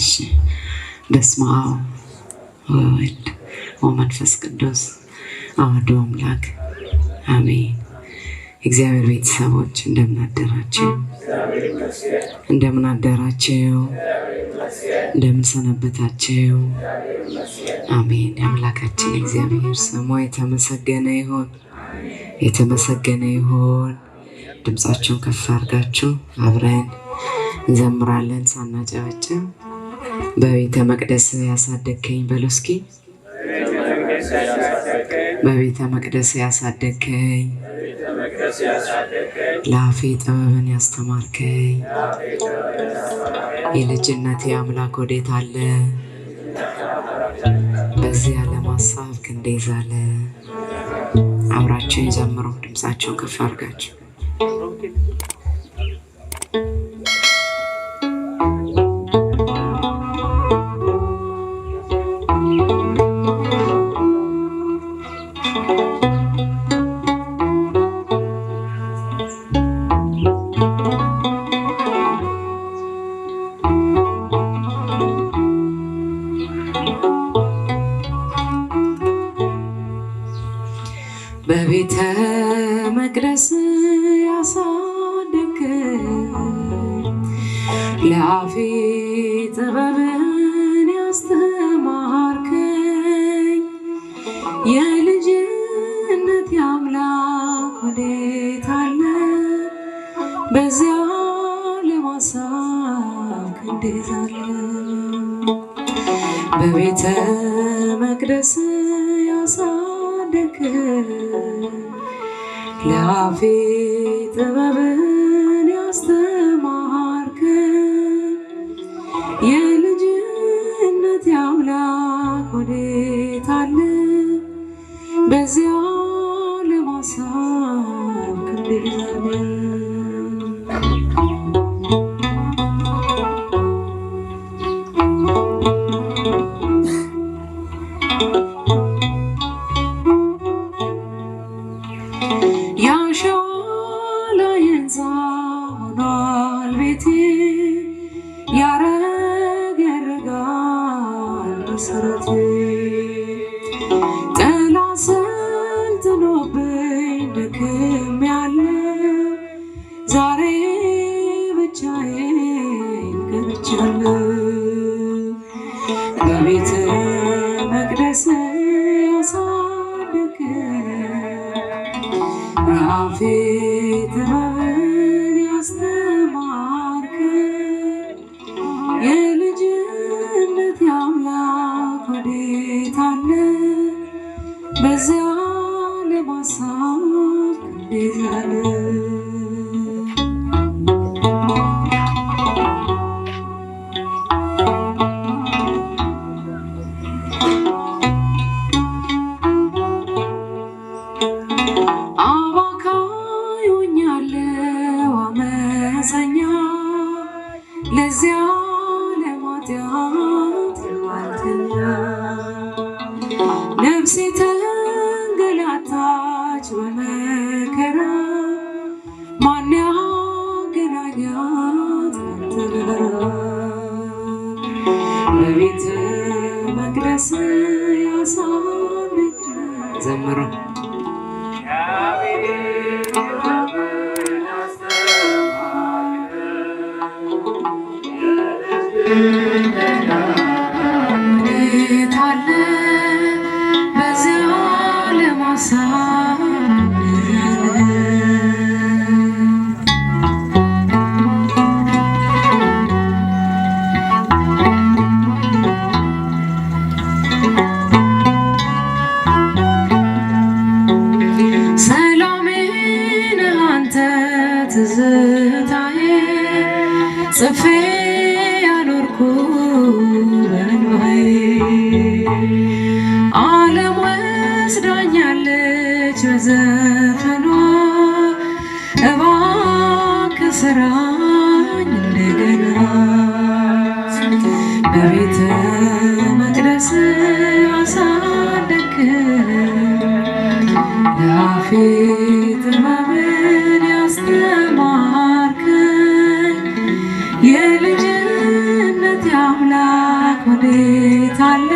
እሺ። በስመ አብ ወወልድ ወመንፈስ ቅዱስ አሐዱ አምላክ አሜን። እግዚአብሔር ቤተሰቦች እንደምን እንደምናደራቸው እንደምን አደራችሁ? እንደምን አሜን። አምላካችን እግዚአብሔር ስሙ የተመሰገነ ይሁን፣ የተመሰገነ ይሁን። ድምጻችሁን ከፍ አድርጋችሁ አብረን እንዘምራለን ሳናጨበጭብ በቤተ መቅደስ ያሳደግከኝ በሎስኪ በቤተ መቅደስ ያሳደግከኝ፣ ለአፌ ጥበብን ያስተማርከኝ፣ የልጅነት የአምላክ ወዴት አለ? በዚህ ዓለም ሀሳብ ክንዴ ዛለ። አብራቸውን ዘምረው ድምፃቸውን ከፍ አድርጋቸው በቤተ መቅደስ ያሳደግ ለአፌ ጥበብን ያስተማርከኝ የልጅነት የአምላክ ወዴት አለ በዚያ ለማሳብ እንዴት አለ በቤተ መቅደስ ያሳ ምስክር ለአፌ ጥበብን ያስተማርከ የልጅነት የአምላክ ወዴት አለ በዚያ ያረገርጋል መሰረቴ ጥላ ሰልጥኖብኝ ዛሬ ብቻዬን ቀርቻለሁ በቤተ መቅደስ ያሳደከ ራፌ ወዴት አለ በዚያ በመከራ ማን ያገናኛት በቤተ መቅደስ ያሳለፈ ዘምሮ Thank you. በትዝታዬ ጽፌ ያኖርኩ በንባዬ ዓለም ወስዳኛለች በዘፈኗ እባክህ ስራኝ እንደገና በቤት የልጅነት አምላክ ወዴት አለ?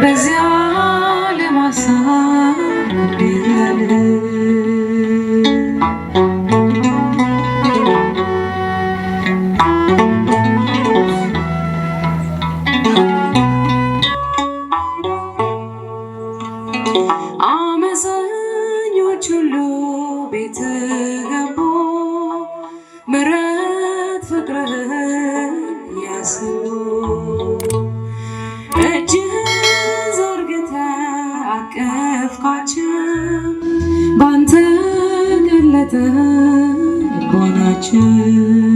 በዚያ ለማሳብ ወዴት አለ? አመፀኞች ሁሉ ቤት ገቡ አቀፍኳቸው ባንተ ገለጠ ልቦናቸው